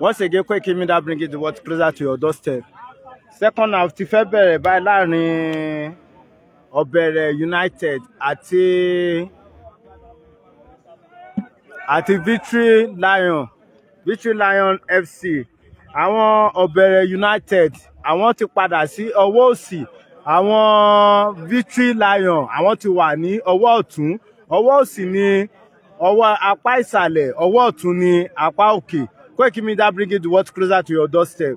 Once again, me Media bring it what closer to your doorstep. Second half ti fẹ́ bẹ̀rẹ̀ báyìí láàrin Ọ̀bẹ̀rẹ̀ United ati ati Victory Lion Victory Lion FC. Àwọn Obere United àwọn ti padà sí ọwọ́ òsì àwọn Victory Lion àwọn ti wà ní ọwọ́ ọ̀tún ọwọ́ òsì ni ọwọ́ apá ìsàlẹ̀ ọwọ́ ọ̀tún ni apá òkè. Okay Quake that bringing the what closer to your doorstep.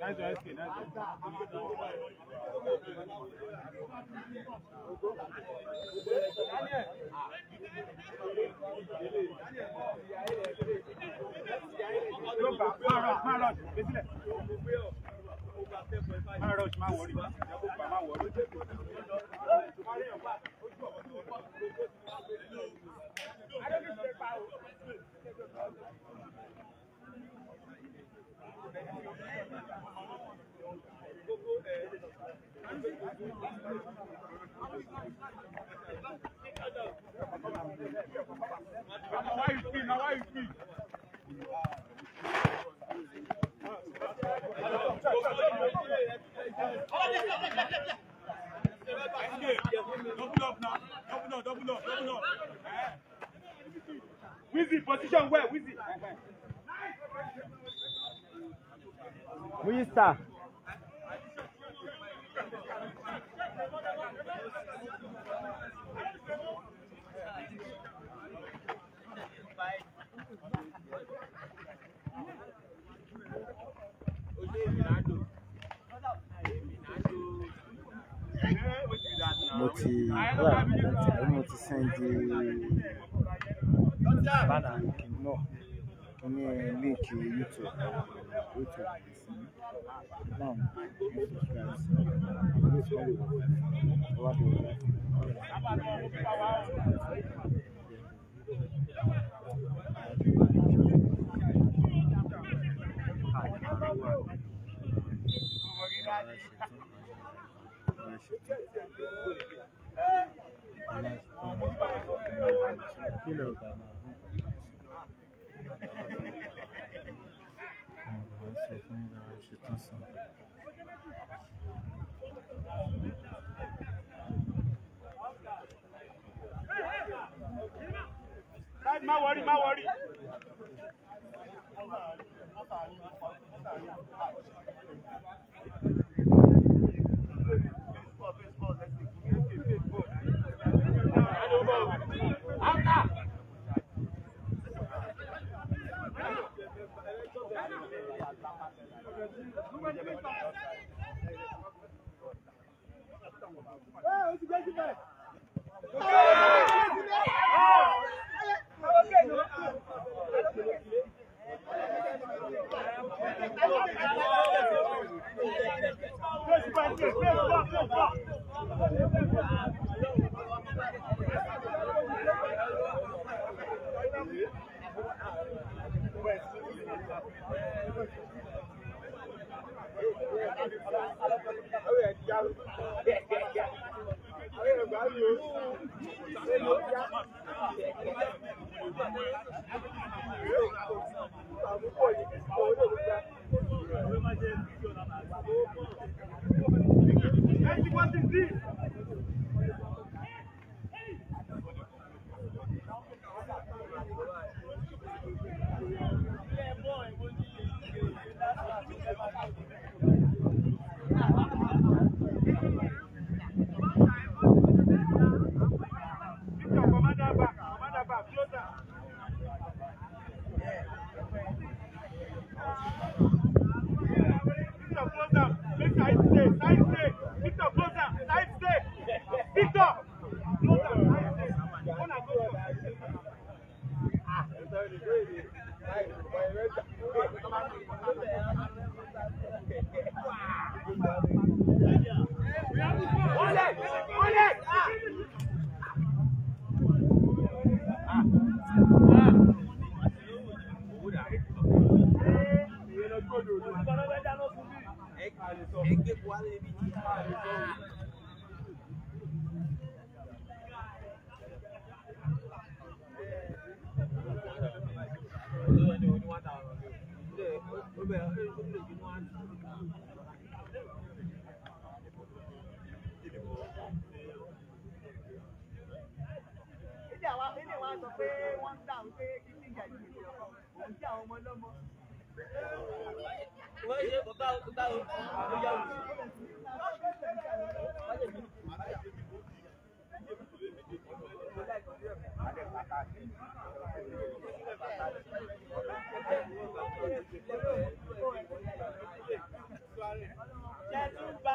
Thank you. Now why you speak? Now why Costa. mo ti wà láti mo ti sẹ́ndì bánà kìnnà kí líǹkì youtube. wọrí má wọrí. wọ́n ṣe kò báwo kò báwo kò yá wò. ṣe tún ba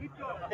Victor.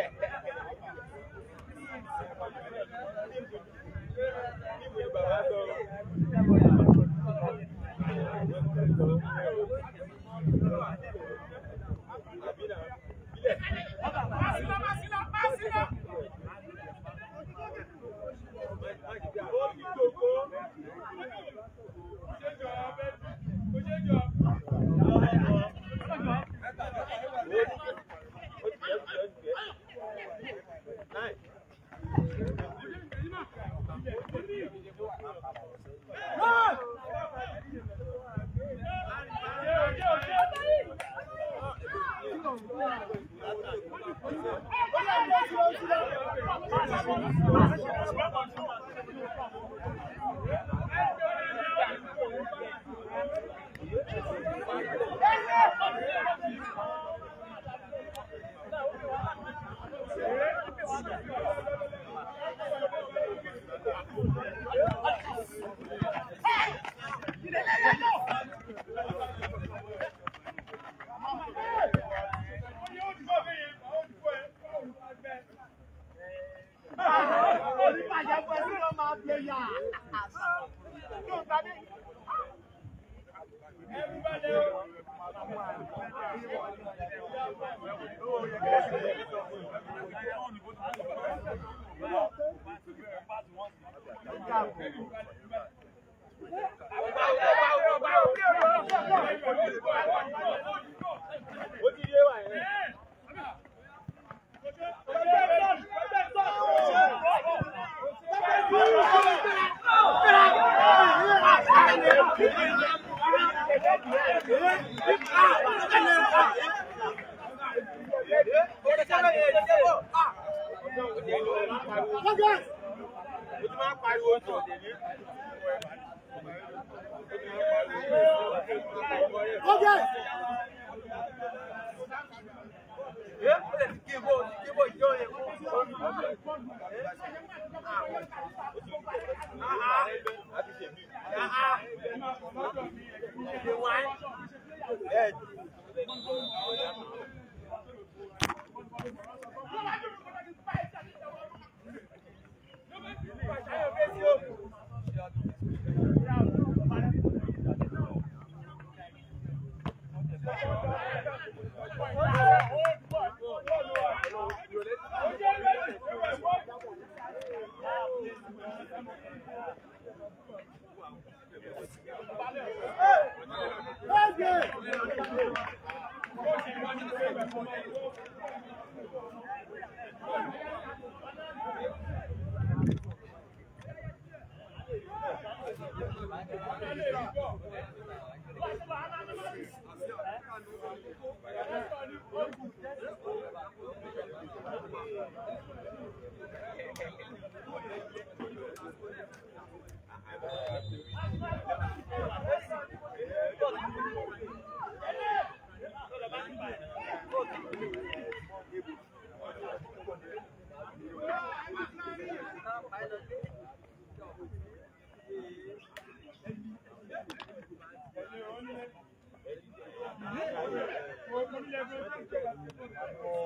哎，那我。Thank you.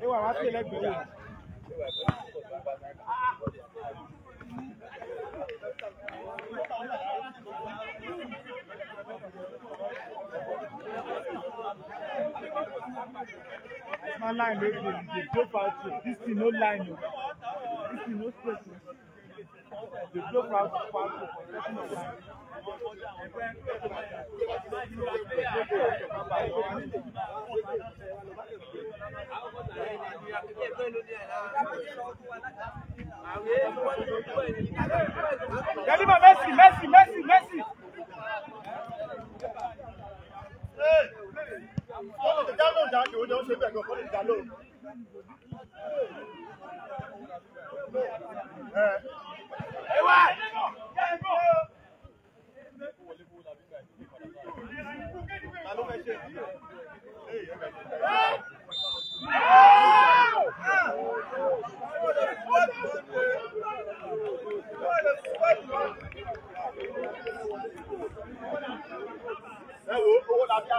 ó ti lè Not line, they, they, they drop out here. This thing no line, no. Oh. This thing no space. Oh. They drop out far to protection of line. Thank you. Yadima Messi, Messi, Messi, Messi. Hey! ẹ wo owó la bí àti ìwé wọlé rẹ.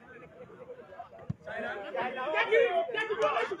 Get you, get you,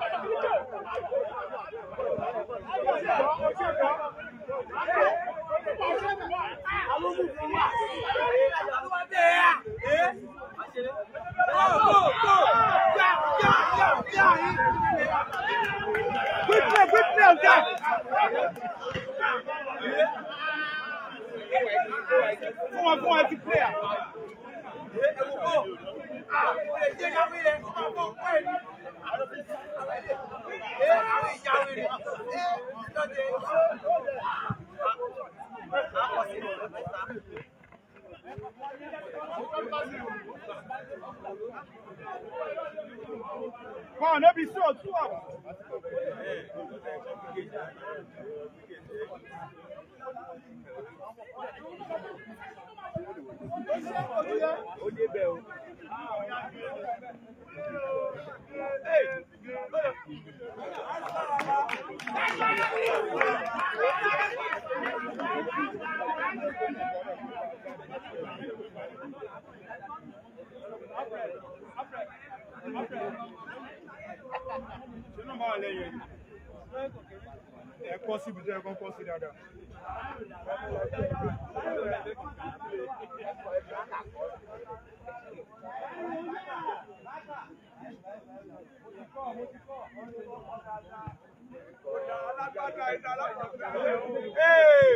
ṣé náà máa lẹ́yìn ẹ̀yìn ẹ kọ́ síbi tẹ́ ẹ kọ́ kọ́ sí dáadáa. Hey!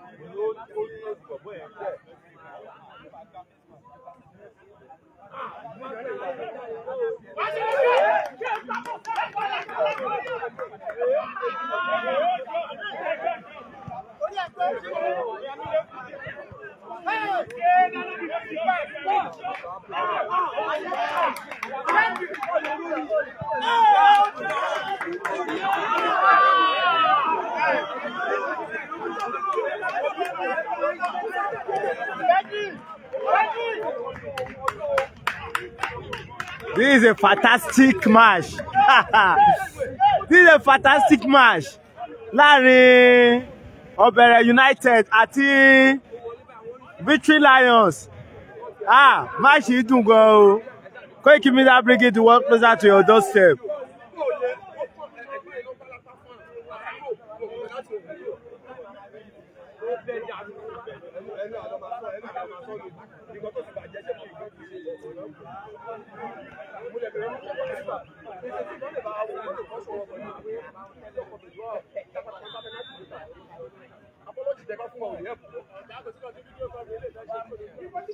This is a fantastic match. This is a fantastic match. Láàrin Ọ̀bẹ̀rẹ̀ United Ati, Victory Lions. Ah, match you yìí dùn gan o. Koiki Media bring it to work closer to your doorstep.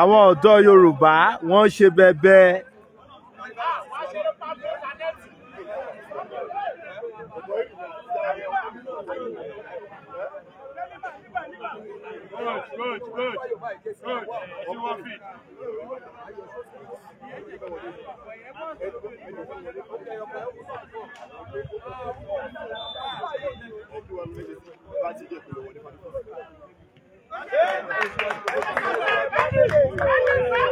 àwọn ọ̀dọ́ Yorùbá wọ́n ṣe bẹbẹ Good, good, good, good. You are fit. Thank you. Thank you.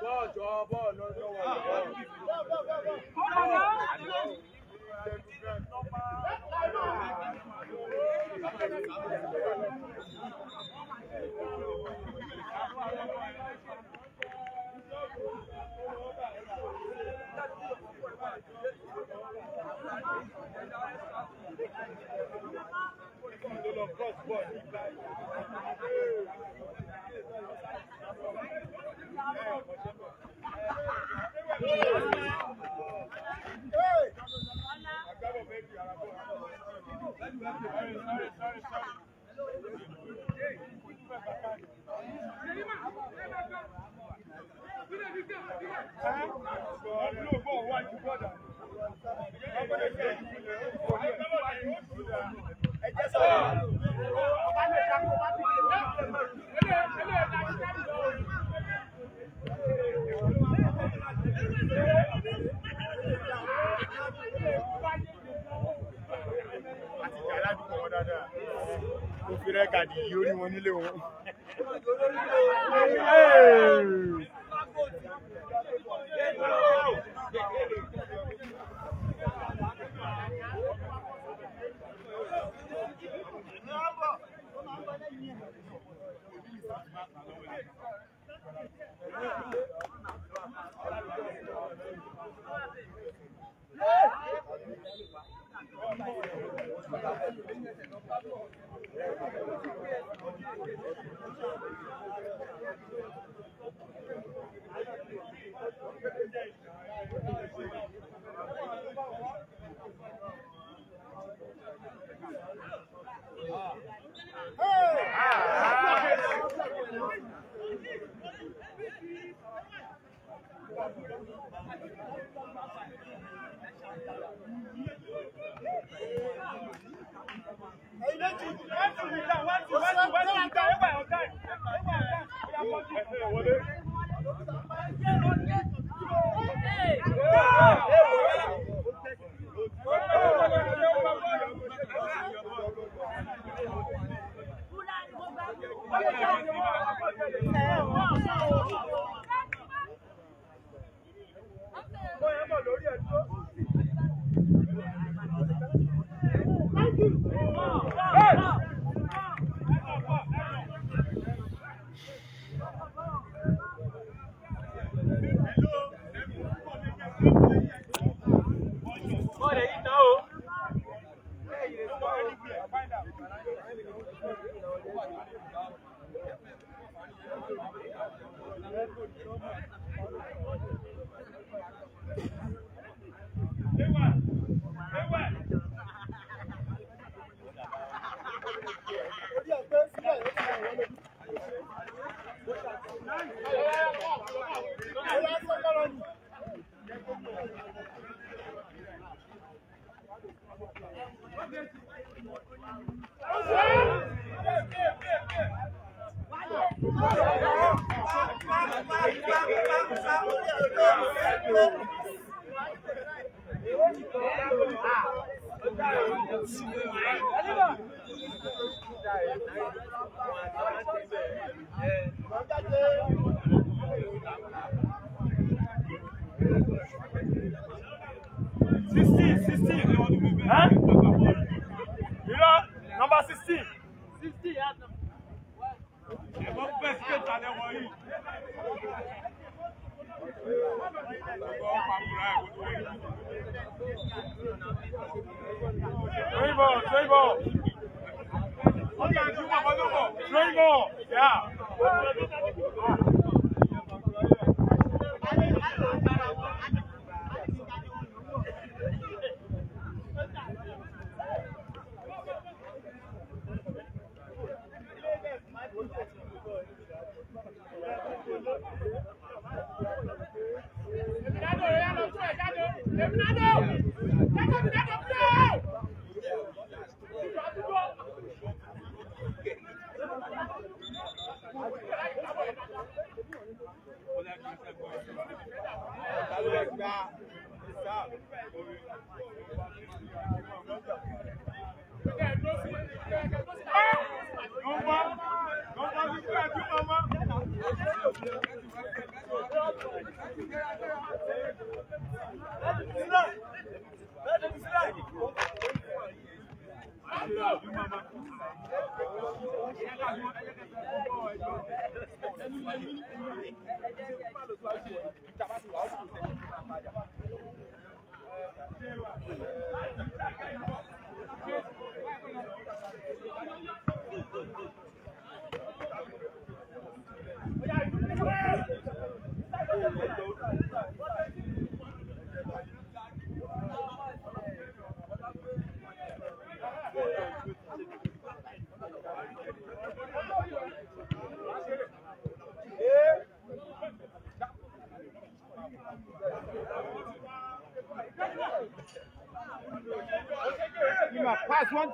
Bọ́ọ̀jọ́ bọ́ọ̀lọ́jọ́ wà. àdìgí orí wọn nílé wọn.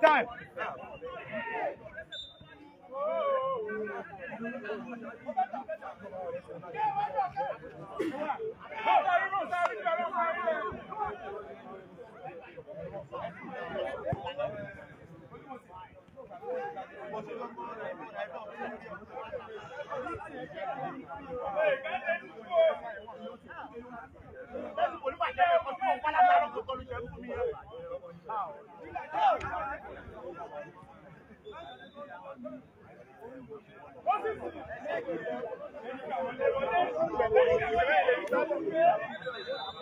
time. Thank you.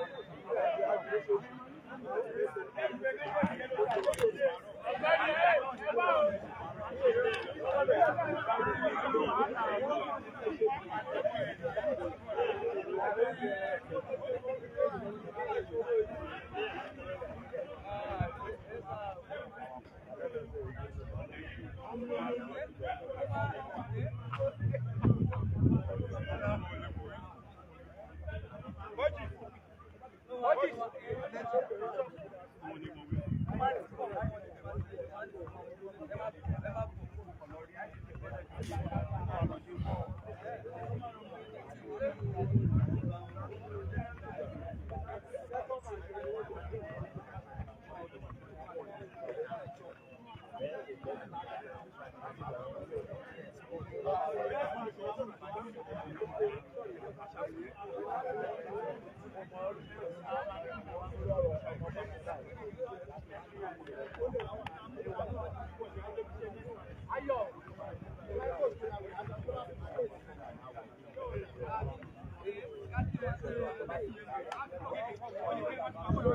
Fucking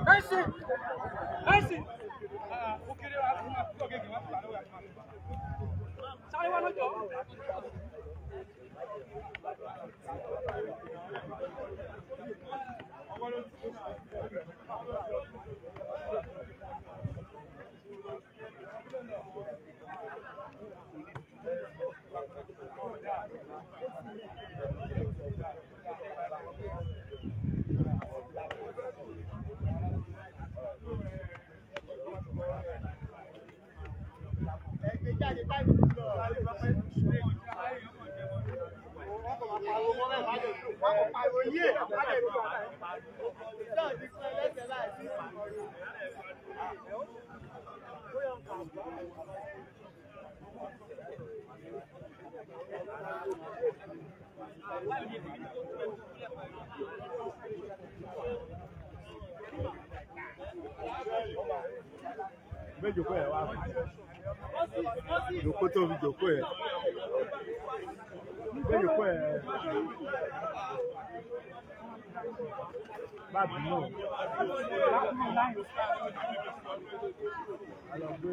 Mercy! Mercy! jòkó yẹn wá jòkó tó fi jòkó yẹn gbé jòkó yẹn má bínú alọ gbé.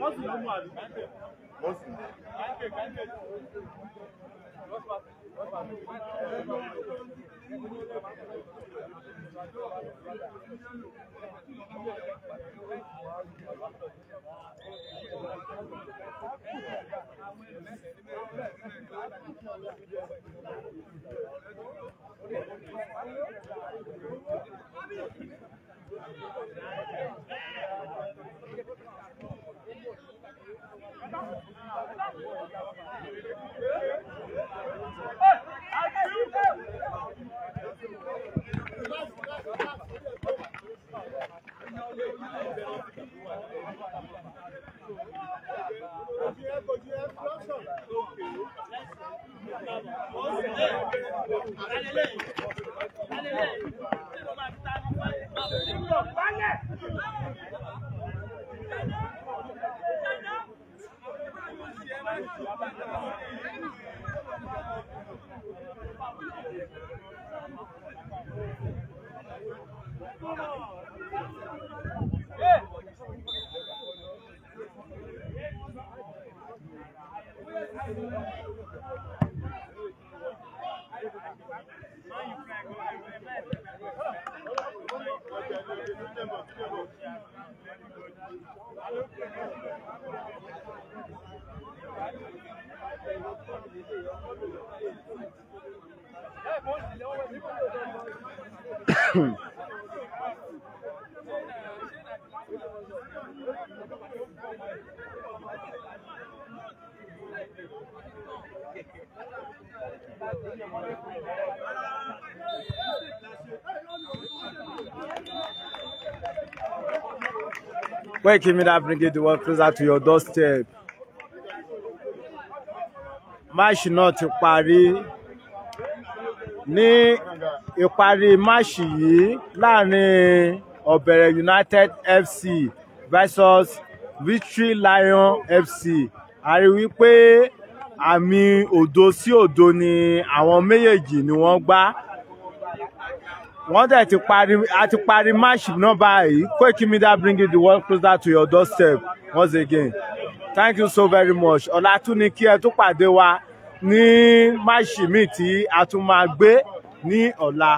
Mọ́sùn ló mú àbí. Mọ́sùn. Where came that bringing the world closer to your doorstep? Máàṣì not to Paris, ní ìparí máàṣì yìí láàrin ọ̀bẹ̀rẹ̀ United FC versus Victory Lion FC a rí wípé àmì òdo sí òdo ni àwọn méjèèjì ni wọ́n gbá wọ́n dẹ̀ ti parí a ti parí máàṣì náà báyìí Koikimedia bring the world closer to your doorstep once again thank you so very much ọ̀làtúni kí ẹ tún pàdé wa ní máàṣì míì tí a tún máa gbé ní ọ̀la